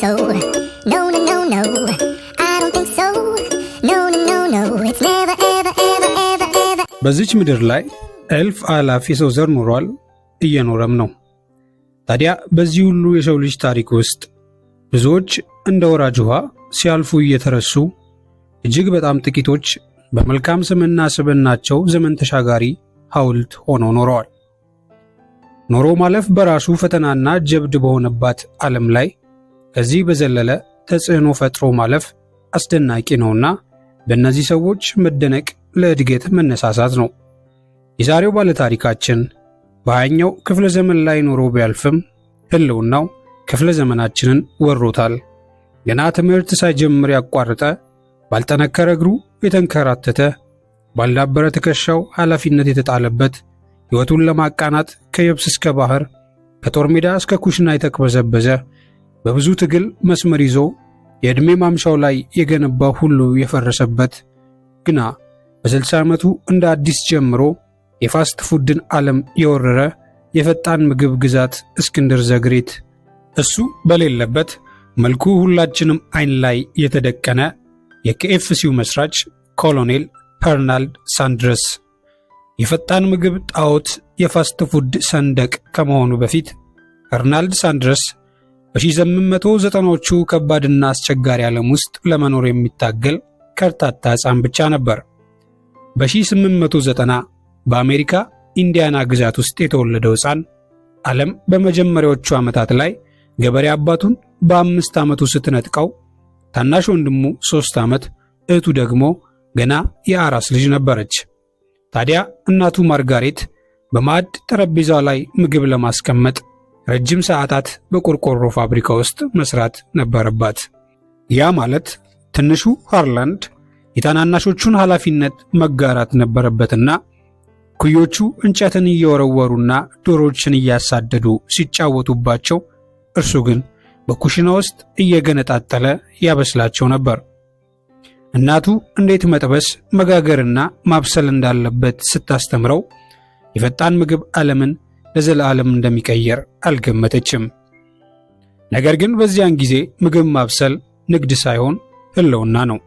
so. No, no, no, no. I don't think so. No, no, no, no. It's never, ever, ever, ever, ever. በዚች ምድር ላይ እልፍ አላፍ የሰው ዘር ኑሯል እየኖረም ነው። ታዲያ በዚህ ሁሉ የሰው ልጅ ታሪክ ውስጥ ብዙዎች እንደ ወራጅ ውሃ ሲያልፉ እየተረሱ እጅግ በጣም ጥቂቶች በመልካም ስምና ስብዕናቸው ዘመን ተሻጋሪ ሐውልት ሆነው ኖረዋል። ኖሮ ማለፍ በራሱ ፈተናና ጀብድ በሆነባት ዓለም ላይ ከዚህ በዘለለ ተጽዕኖ ፈጥሮ ማለፍ አስደናቂ ነውና በእነዚህ ሰዎች መደነቅ ለእድገት መነሳሳት ነው። የዛሬው ባለታሪካችን በሃያኛው ክፍለ ዘመን ላይ ኖሮ ቢያልፍም ህልውናው ክፍለ ዘመናችንን ወሮታል። ገና ትምህርት ሳይጀምር ያቋረጠ፣ ባልጠነከረ እግሩ የተንከራተተ፣ ባልዳበረ ትከሻው ኃላፊነት የተጣለበት፣ ሕይወቱን ለማቃናት ከየብስ እስከ ባህር ከጦር ሜዳ እስከ ኩሽና የተቅበዘበዘ በብዙ ትግል መስመር ይዞ የዕድሜ ማምሻው ላይ የገነባው ሁሉ የፈረሰበት ግና በ60 ዓመቱ እንደ አዲስ ጀምሮ የፋስት ፉድን ዓለም የወረረ የፈጣን ምግብ ግዛት እስክንድር ዘግሬት እሱ በሌለበት መልኩ ሁላችንም አይን ላይ የተደቀነ የኬኤፍሲው መስራች ኮሎኔል ፐርናልድ ሳንድረስ የፈጣን ምግብ ጣዖት የፋስት ፉድ ሰንደቅ ከመሆኑ በፊት ፐርናልድ ሳንድረስ በ1890ዎቹ ከባድና አስቸጋሪ ዓለም ውስጥ ለመኖር የሚታገል ከርታታ ሕፃን ብቻ ነበር። በ1890 በአሜሪካ ኢንዲያና ግዛት ውስጥ የተወለደው ሕፃን ዓለም በመጀመሪያዎቹ ዓመታት ላይ ገበሬ አባቱን በአምስት ዓመቱ ስትነጥቀው፣ ታናሽ ወንድሙ ሦስት ዓመት፣ እህቱ ደግሞ ገና የአራስ ልጅ ነበረች። ታዲያ እናቱ ማርጋሬት በማዕድ ጠረጴዛ ላይ ምግብ ለማስቀመጥ ረጅም ሰዓታት በቆርቆሮ ፋብሪካ ውስጥ መስራት ነበረባት። ያ ማለት ትንሹ ሃርላንድ የታናናሾቹን ኃላፊነት መጋራት ነበረበትና ኩዮቹ እንጨትን እየወረወሩና ዶሮዎችን እያሳደዱ ሲጫወቱባቸው፣ እርሱ ግን በኩሽና ውስጥ እየገነጣጠለ ያበስላቸው ነበር። እናቱ እንዴት መጥበስ መጋገርና ማብሰል እንዳለበት ስታስተምረው የፈጣን ምግብ ዓለምን ለዘላለም እንደሚቀየር አልገመተችም። ነገር ግን በዚያን ጊዜ ምግብ ማብሰል ንግድ ሳይሆን ህልውና ነው።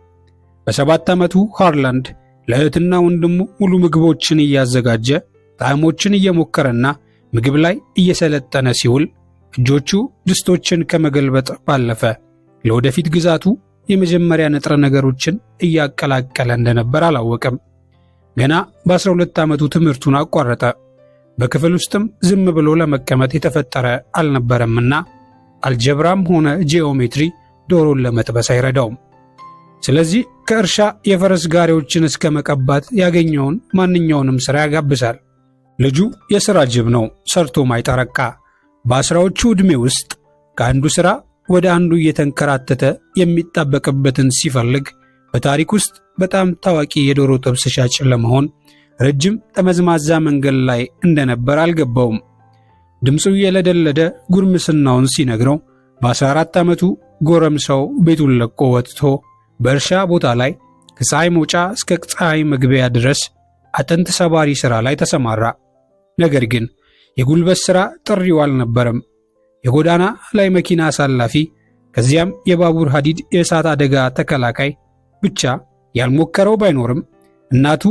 በሰባት ዓመቱ ሃርላንድ ለእህትና ወንድሙ ሙሉ ምግቦችን እያዘጋጀ ጣዕሞችን እየሞከረና ምግብ ላይ እየሰለጠነ ሲውል እጆቹ ድስቶችን ከመገልበጥ ባለፈ ለወደፊት ግዛቱ የመጀመሪያ ንጥረ ነገሮችን እያቀላቀለ እንደነበር አላወቀም። ገና በ12 ዓመቱ ትምህርቱን አቋረጠ። በክፍል ውስጥም ዝም ብሎ ለመቀመጥ የተፈጠረ አልነበረምና አልጀብራም ሆነ ጂኦሜትሪ ዶሮን ለመጥበስ አይረዳውም። ስለዚህ ከእርሻ የፈረስ ጋሪዎችን እስከ መቀባት ያገኘውን ማንኛውንም ሥራ ያጋብሳል። ልጁ የሥራ ጅብ ነው፣ ሰርቶ ማይጠረቃ። በአስራዎቹ ዕድሜ ውስጥ ከአንዱ ሥራ ወደ አንዱ እየተንከራተተ የሚጣበቅበትን ሲፈልግ በታሪክ ውስጥ በጣም ታዋቂ የዶሮ ጥብስ ሻጭ ለመሆን ረጅም ጠመዝማዛ መንገድ ላይ እንደነበር አልገባውም። ድምፁ የለደለደ ጉርምስናውን ሲነግረው በ14 ዓመቱ ጎረምሳው ቤቱን ለቆ ወጥቶ በእርሻ ቦታ ላይ ከፀሐይ መውጫ እስከ ፀሐይ መግቢያ ድረስ አጥንት ሰባሪ ሥራ ላይ ተሰማራ። ነገር ግን የጉልበት ሥራ ጥሪው አልነበረም። የጎዳና ላይ መኪና አሳላፊ፣ ከዚያም የባቡር ሐዲድ የእሳት አደጋ ተከላካይ ብቻ ያልሞከረው ባይኖርም እናቱ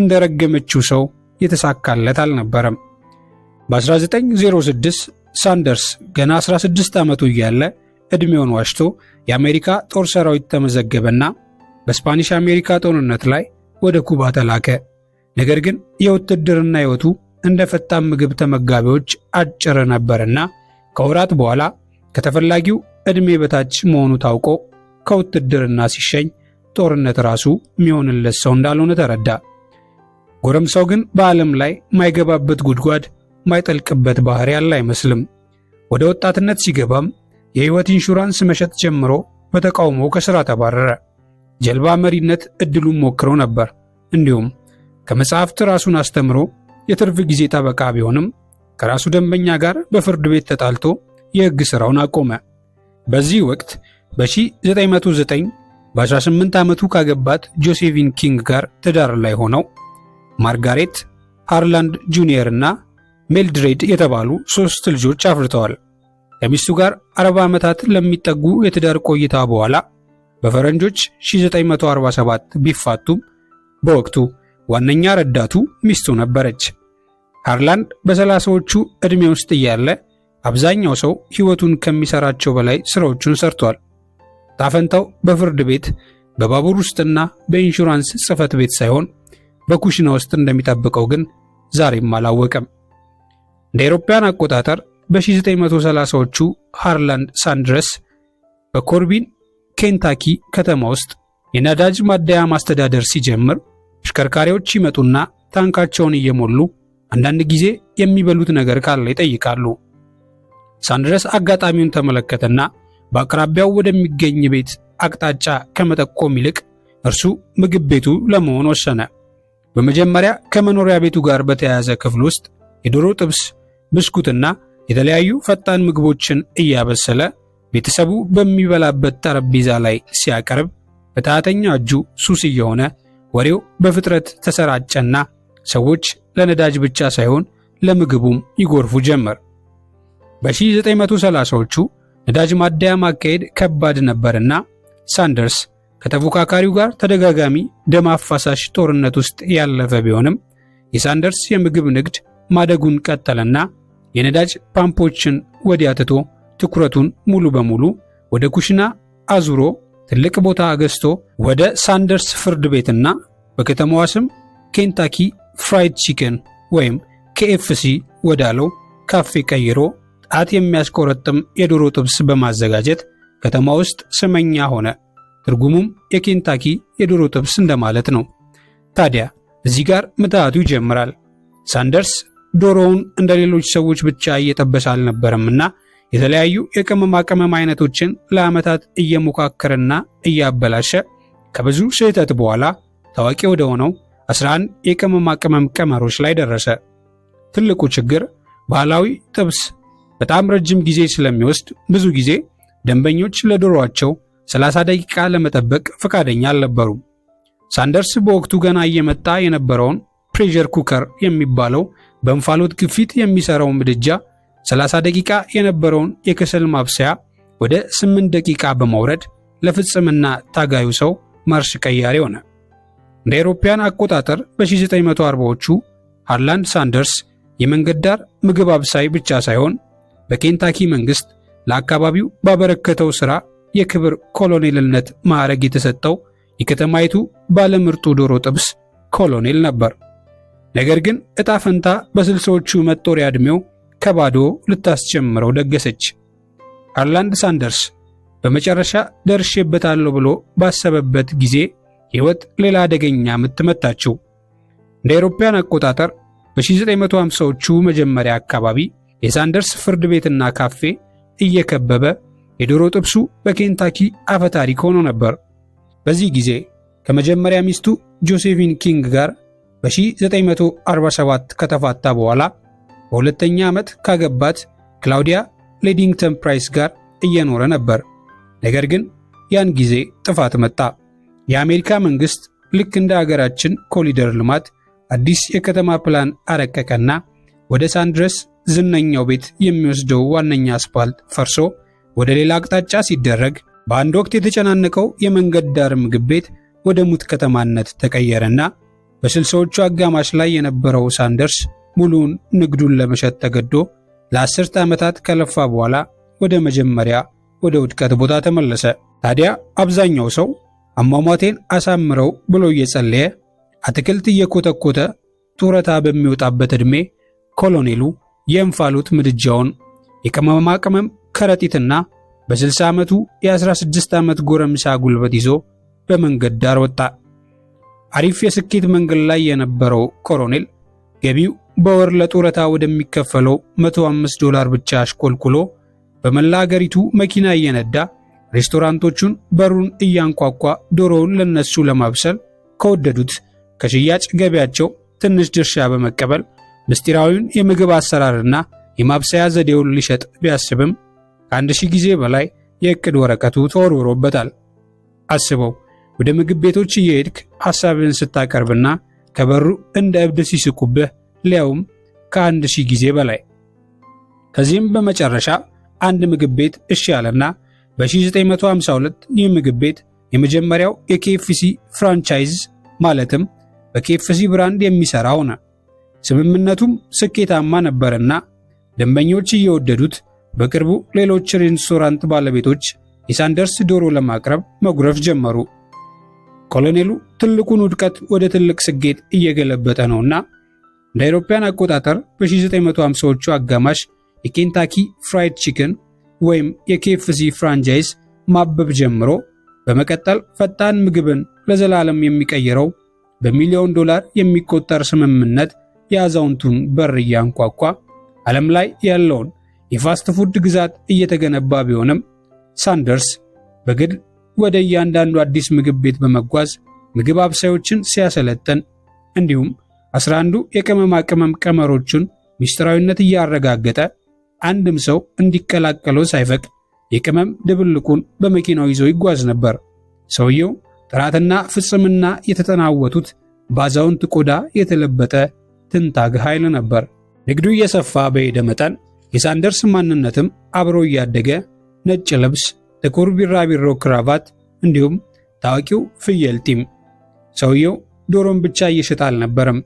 እንደ ረገመችው ሰው የተሳካለት አልነበረም። በ1906 ሳንደርስ ገና 16 ዓመቱ እያለ ዕድሜውን ዋሽቶ የአሜሪካ ጦር ሰራዊት ተመዘገበና በስፓኒሽ አሜሪካ ጦርነት ላይ ወደ ኩባ ተላከ። ነገር ግን የውትድርና ሕይወቱ እንደ ፈጣን ምግብ ተመጋቢዎች አጭር ነበርና ከወራት በኋላ ከተፈላጊው ዕድሜ በታች መሆኑ ታውቆ ከውትድርና ሲሸኝ ጦርነት ራሱ የሚሆንለት ሰው እንዳልሆነ ተረዳ። ጎረምሳው ግን በዓለም ላይ ማይገባበት ጉድጓድ ማይጠልቅበት ባህር ያለ አይመስልም። ወደ ወጣትነት ሲገባም የሕይወት ኢንሹራንስ መሸጥ ጀምሮ በተቃውሞ ከሥራ ተባረረ። ጀልባ መሪነት ዕድሉን ሞክሮ ነበር። እንዲሁም ከመጽሐፍት ራሱን አስተምሮ የትርፍ ጊዜ ጠበቃ ቢሆንም ከራሱ ደንበኛ ጋር በፍርድ ቤት ተጣልቶ የሕግ ሥራውን አቆመ። በዚህ ወቅት በ1909 በ18 ዓመቱ ካገባት ጆሴፊን ኪንግ ጋር ትዳር ላይ ሆነው ማርጋሬት ሃርላንድ ጁኒየር እና ሜልድሬድ የተባሉ ሦስት ልጆች አፍርተዋል። ከሚስቱ ጋር 40 ዓመታት ለሚጠጉ የትዳር ቆይታ በኋላ በፈረንጆች 1947 ቢፋቱም በወቅቱ ዋነኛ ረዳቱ ሚስቱ ነበረች። ሃርላንድ በሰላሳዎቹ ዕድሜ ውስጥ እያለ አብዛኛው ሰው ሕይወቱን ከሚሠራቸው በላይ ሥራዎቹን ሠርቷል። ጣፈንታው በፍርድ ቤት፣ በባቡር ውስጥና በኢንሹራንስ ጽሕፈት ቤት ሳይሆን በኩሽና ውስጥ እንደሚጠብቀው ግን ዛሬም አላወቀም። እንደ አውሮፓውያን አቆጣጠር በ1930ዎቹ ሃርላንድ ሳንድረስ በኮርቢን ኬንታኪ ከተማ ውስጥ የነዳጅ ማደያ ማስተዳደር ሲጀምር አሽከርካሪዎች ይመጡና ታንካቸውን እየሞሉ አንዳንድ ጊዜ የሚበሉት ነገር ካለ ይጠይቃሉ። ሳንድረስ አጋጣሚውን ተመለከተና በአቅራቢያው ወደሚገኝ ቤት አቅጣጫ ከመጠቆም ይልቅ እርሱ ምግብ ቤቱ ለመሆን ወሰነ። በመጀመሪያ ከመኖሪያ ቤቱ ጋር በተያያዘ ክፍል ውስጥ የዶሮ ጥብስ፣ ብስኩትና የተለያዩ ፈጣን ምግቦችን እያበሰለ ቤተሰቡ በሚበላበት ጠረጴዛ ላይ ሲያቀርብ በታተኛ እጁ ሱስ እየሆነ ወሬው በፍጥረት ተሰራጨና ሰዎች ለነዳጅ ብቻ ሳይሆን ለምግቡም ይጎርፉ ጀመር። በ1930ዎቹ ነዳጅ ማደያ ማካሄድ ከባድ ነበርና ሳንደርስ ከተፎካካሪው ጋር ተደጋጋሚ ደም አፋሳሽ ጦርነት ውስጥ ያለፈ ቢሆንም የሳንደርስ የምግብ ንግድ ማደጉን ቀጠለና የነዳጅ ፓምፖችን ወዲያ ትቶ ትኩረቱን ሙሉ በሙሉ ወደ ኩሽና አዙሮ ትልቅ ቦታ ገዝቶ ወደ ሳንደርስ ፍርድ ቤትና በከተማዋ ስም ኬንታኪ ፍራይድ ቺክን ወይም ኬኤፍሲ ወዳለው ካፌ ቀይሮ ጣት የሚያስቆረጥም የዶሮ ጥብስ በማዘጋጀት ከተማ ውስጥ ስመኛ ሆነ። ትርጉሙም የኬንታኪ የዶሮ ጥብስ እንደማለት ነው። ታዲያ እዚህ ጋር ምትሃቱ ይጀምራል። ሳንደርስ ዶሮውን እንደ ሌሎች ሰዎች ብቻ እየጠበሰ አልነበረምና የተለያዩ የቅመማ ቅመም አይነቶችን ለዓመታት እየሞካከረና እያበላሸ ከብዙ ስህተት በኋላ ታዋቂ ወደ ሆነው 11 የቅመማ ቅመም ቀመሮች ላይ ደረሰ። ትልቁ ችግር ባህላዊ ጥብስ በጣም ረጅም ጊዜ ስለሚወስድ ብዙ ጊዜ ደንበኞች ለዶሮአቸው 30 ደቂቃ ለመጠበቅ ፈቃደኛ አልነበሩም። ሳንደርስ በወቅቱ ገና እየመጣ የነበረውን ፕሬሸር ኩከር የሚባለው በእንፋሎት ግፊት የሚሰራው ምድጃ 30 ደቂቃ የነበረውን የከሰል ማብሰያ ወደ 8 ደቂቃ በማውረድ ለፍጽምና ታጋዩ ሰው ማርሽ ቀያሪ ሆነ። እንደ አውሮፓውያን አቆጣጠር በ1940ዎቹ ሃርላንድ ሳንደርስ የመንገድ ዳር ምግብ አብሳይ ብቻ ሳይሆን በኬንታኪ መንግሥት ለአካባቢው ባበረከተው ሥራ የክብር ኮሎኔልነት ማዕረግ የተሰጠው የከተማይቱ ባለምርጡ ዶሮ ጥብስ ኮሎኔል ነበር። ነገር ግን እጣ ፈንታ በስልሳዎቹ መጦሪያ ዕድሜው ከባዶ ልታስጀምረው ደገሰች። አርላንድ ሳንደርስ በመጨረሻ ደርሼበታለሁ ብሎ ባሰበበት ጊዜ ሕይወት ሌላ አደገኛ ምት መታችው። እንደ አውሮፓውያን አቆጣጠር በ1950ዎቹ መጀመሪያ አካባቢ የሳንደርስ ፍርድ ቤትና ካፌ እየከበበ የዶሮ ጥብሱ በኬንታኪ አፈ ታሪክ ሆኖ ነበር። በዚህ ጊዜ ከመጀመሪያ ሚስቱ ጆሴፊን ኪንግ ጋር በ1947 ከተፋታ በኋላ በሁለተኛ ዓመት ካገባት ክላውዲያ ሌዲንግተን ፕራይስ ጋር እየኖረ ነበር። ነገር ግን ያን ጊዜ ጥፋት መጣ። የአሜሪካ መንግሥት ልክ እንደ አገራችን ኮሊደር ልማት አዲስ የከተማ ፕላን አረቀቀና ወደ ሳንድረስ ዝነኛው ቤት የሚወስደው ዋነኛ አስፓልት ፈርሶ ወደ ሌላ አቅጣጫ ሲደረግ በአንድ ወቅት የተጨናነቀው የመንገድ ዳር ምግብ ቤት ወደ ሙት ከተማነት ተቀየረና በስልሳዎቹ አጋማሽ ላይ የነበረው ሳንደርስ ሙሉውን ንግዱን ለመሸጥ ተገዶ ለአስርተ ዓመታት ከለፋ በኋላ ወደ መጀመሪያ ወደ ውድቀት ቦታ ተመለሰ። ታዲያ አብዛኛው ሰው አሟሟቴን አሳምረው ብሎ እየጸለየ አትክልት እየኮተኮተ ጡረታ በሚወጣበት ዕድሜ ኮሎኔሉ የእንፋሎት ምድጃውን የቅመማ ቅመም ከረጢትና በ60 ዓመቱ የ16 ዓመት ጎረምሳ ጉልበት ይዞ በመንገድ ዳር ወጣ። አሪፍ የስኬት መንገድ ላይ የነበረው ኮሎኔል ገቢው በወር ለጡረታ ወደሚከፈለው 105 ዶላር ብቻ አሽቆልቁሎ በመላ አገሪቱ መኪና እየነዳ ሬስቶራንቶቹን በሩን እያንኳኳ ዶሮውን ለነሱ ለማብሰል ከወደዱት ከሽያጭ ገቢያቸው ትንሽ ድርሻ በመቀበል ምስጢራዊውን የምግብ አሰራርና የማብሰያ ዘዴውን ሊሸጥ ቢያስብም ከአንድ ሺህ ጊዜ በላይ የእቅድ ወረቀቱ ተወርውሮበታል። አስበው፣ ወደ ምግብ ቤቶች እየሄድክ ሐሳብህን ስታቀርብና ከበሩ እንደ እብድ ሲስቁብህ ሊያውም ከአንድ ሺህ ጊዜ በላይ። ከዚህም በመጨረሻ አንድ ምግብ ቤት እሺ ያለና በ1952 ይህ ምግብ ቤት የመጀመሪያው የኬኤፍሲ ፍራንቻይዝ ማለትም በኬኤፍሲ ብራንድ የሚሰራ ሆነ። ስምምነቱም ስኬታማ ነበርና ደንበኞች እየወደዱት በቅርቡ ሌሎች ሬስቶራንት ባለቤቶች የሳንደርስ ዶሮ ለማቅረብ መጉረፍ ጀመሩ። ኮሎኔሉ ትልቁን ውድቀት ወደ ትልቅ ስኬት እየገለበጠ ነውና እንደ አውሮፓውያን አቆጣጠር በ1950ዎቹ አጋማሽ የኬንታኪ ፍራይድ ቺክን ወይም የኬፍሲ ፍራንቻይዝ ማበብ ጀምሮ በመቀጠል ፈጣን ምግብን ለዘላለም የሚቀይረው በሚሊዮን ዶላር የሚቆጠር ስምምነት የአዛውንቱን በር እያንኳኳ ዓለም ላይ ያለውን የፋስት ፉድ ግዛት እየተገነባ ቢሆንም ሳንደርስ በግል ወደ እያንዳንዱ አዲስ ምግብ ቤት በመጓዝ ምግብ አብሳዮችን ሲያሰለጥን እንዲሁም 11 ንዱ የቅመማ ቅመም ቀመሮቹን ሚስጥራዊነት እያረጋገጠ አንድም ሰው እንዲቀላቀለው ሳይፈቅድ የቅመም ድብልቁን በመኪናው ይዞ ይጓዝ ነበር። ሰውየው ጥራትና ፍጽምና የተጠናወቱት በአዛውንት ቆዳ የተለበጠ ትንታግ ኃይል ነበር። ንግዱ እየሰፋ በሄደ መጠን የሳንደርስ ማንነትም አብሮ እያደገ ነጭ ልብስ፣ ጥቁር ቢራቢሮ ክራቫት፣ እንዲሁም ታዋቂው ፍየል ጢም። ሰውየው ዶሮን ብቻ እየሸጠ አልነበረም፣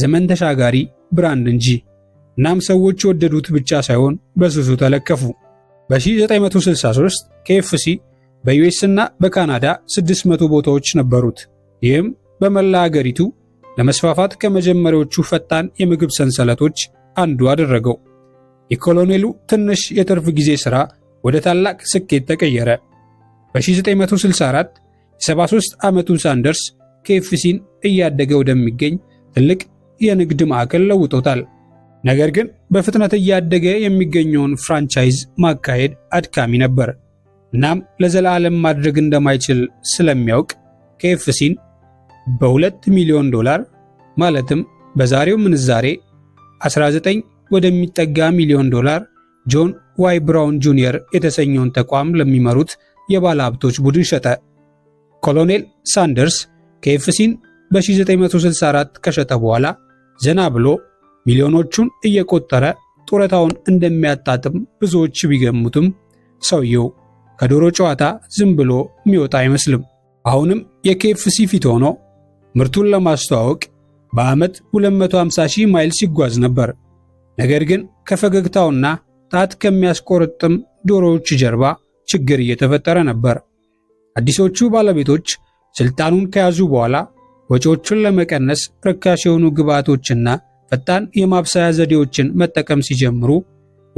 ዘመን ተሻጋሪ ብራንድ እንጂ። እናም ሰዎች የወደዱት ብቻ ሳይሆን በስሱ ተለከፉ። በ1963 ኬኤፍሲ በዩኤስ እና በካናዳ 600 ቦታዎች ነበሩት። ይህም በመላ አገሪቱ ለመስፋፋት ከመጀመሪያዎቹ ፈጣን የምግብ ሰንሰለቶች አንዱ አደረገው። የኮሎኔሉ ትንሽ የትርፍ ጊዜ ሥራ ወደ ታላቅ ስኬት ተቀየረ። በ1964 የ73 ዓመቱን ሳንደርስ ኬፍሲን እያደገ ወደሚገኝ ትልቅ የንግድ ማዕከል ለውጦታል። ነገር ግን በፍጥነት እያደገ የሚገኘውን ፍራንቻይዝ ማካሄድ አድካሚ ነበር። እናም ለዘላለም ማድረግ እንደማይችል ስለሚያውቅ ኬፍሲን በ2 ሚሊዮን ዶላር ማለትም በዛሬው ምንዛሬ 19 ወደሚጠጋ ሚሊዮን ዶላር ጆን ዋይ ብራውን ጁኒየር የተሰኘውን ተቋም ለሚመሩት የባለ ሀብቶች ቡድን ሸጠ። ኮሎኔል ሳንደርስ ኬኤፍሲን በ1964 ከሸጠ በኋላ ዘና ብሎ ሚሊዮኖቹን እየቆጠረ ጡረታውን እንደሚያጣጥም ብዙዎች ቢገሙትም ሰውየው ከዶሮ ጨዋታ ዝም ብሎ የሚወጣ አይመስልም። አሁንም የኬኤፍሲ ፊት ሆኖ ምርቱን ለማስተዋወቅ በዓመት 250 ሺህ ማይል ሲጓዝ ነበር። ነገር ግን ከፈገግታውና ጣት ከሚያስቆረጥም ዶሮዎች ጀርባ ችግር እየተፈጠረ ነበር። አዲሶቹ ባለቤቶች ስልጣኑን ከያዙ በኋላ ወጪዎቹን ለመቀነስ ርካሽ የሆኑ ግብዓቶችና ፈጣን የማብሰያ ዘዴዎችን መጠቀም ሲጀምሩ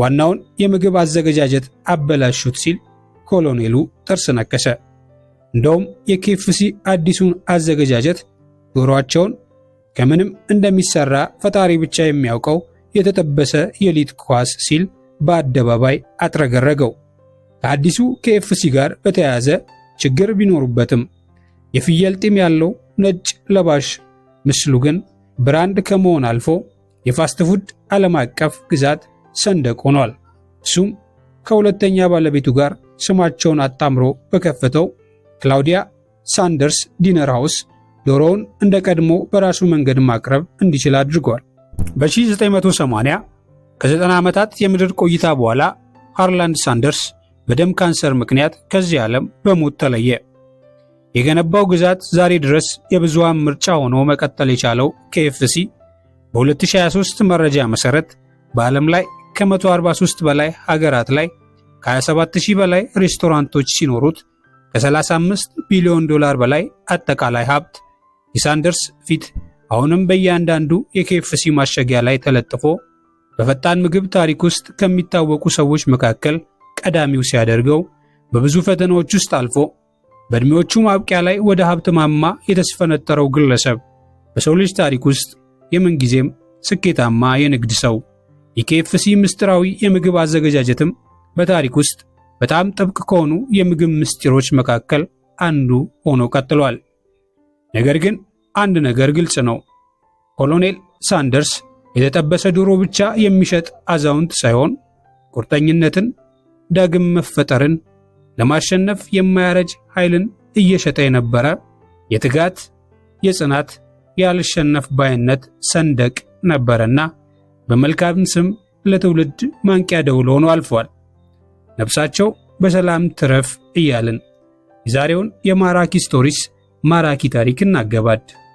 ዋናውን የምግብ አዘገጃጀት አበላሹት ሲል ኮሎኔሉ ጥርስ ነከሰ። እንደውም የኬፍሲ አዲሱን አዘገጃጀት ዶሮአቸውን ከምንም እንደሚሰራ ፈጣሪ ብቻ የሚያውቀው የተጠበሰ የሊጥ ኳስ ሲል በአደባባይ አጥረገረገው። ከአዲሱ ከኤፍሲ ጋር በተያያዘ ችግር ቢኖሩበትም የፍየል ጢም ያለው ነጭ ለባሽ ምስሉ ግን ብራንድ ከመሆን አልፎ የፋስትፉድ ዓለም አቀፍ ግዛት ሰንደቅ ሆኗል። እሱም ከሁለተኛ ባለቤቱ ጋር ስማቸውን አጣምሮ በከፈተው ክላውዲያ ሳንደርስ ዲነር ሃውስ ዶሮውን እንደ ቀድሞ በራሱ መንገድ ማቅረብ እንዲችል አድርጓል። በ1980 ከ90 ዓመታት የምድር ቆይታ በኋላ ሃርላንድ ሳንደርስ በደም ካንሰር ምክንያት ከዚህ ዓለም በሞት ተለየ። የገነባው ግዛት ዛሬ ድረስ የብዙሃን ምርጫ ሆኖ መቀጠል የቻለው ኬኤፍሲ በ2023 መረጃ መሠረት በዓለም ላይ ከ143 በላይ ሀገራት ላይ ከ27000 በላይ ሬስቶራንቶች ሲኖሩት ከ35 ቢሊዮን ዶላር በላይ አጠቃላይ ሀብት የሳንደርስ ፊት አሁንም በእያንዳንዱ የኬኤፍሲ ማሸጊያ ላይ ተለጥፎ በፈጣን ምግብ ታሪክ ውስጥ ከሚታወቁ ሰዎች መካከል ቀዳሚው ሲያደርገው በብዙ ፈተናዎች ውስጥ አልፎ በእድሜዎቹ ማብቂያ ላይ ወደ ሀብት ማማ የተስፈነጠረው ግለሰብ በሰው ልጅ ታሪክ ውስጥ የምንጊዜም ስኬታማ የንግድ ሰው። የኬኤፍሲ ምስጢራዊ የምግብ አዘገጃጀትም በታሪክ ውስጥ በጣም ጥብቅ ከሆኑ የምግብ ምስጢሮች መካከል አንዱ ሆኖ ቀጥሏል። ነገር ግን አንድ ነገር ግልጽ ነው። ኮሎኔል ሳንደርስ የተጠበሰ ዶሮ ብቻ የሚሸጥ አዛውንት ሳይሆን ቁርጠኝነትን፣ ዳግም መፈጠርን፣ ለማሸነፍ የማያረጅ ኃይልን እየሸጠ የነበረ የትጋት፣ የጽናት፣ ያልሸነፍ ባይነት ሰንደቅ ነበረና በመልካም ስም ለትውልድ ማንቂያ ደውል ሆኖ አልፏል። ነፍሳቸው በሰላም ትረፍ እያልን የዛሬውን የማራኪ ስቶሪስ ማራኪ ታሪክ እናገባድ።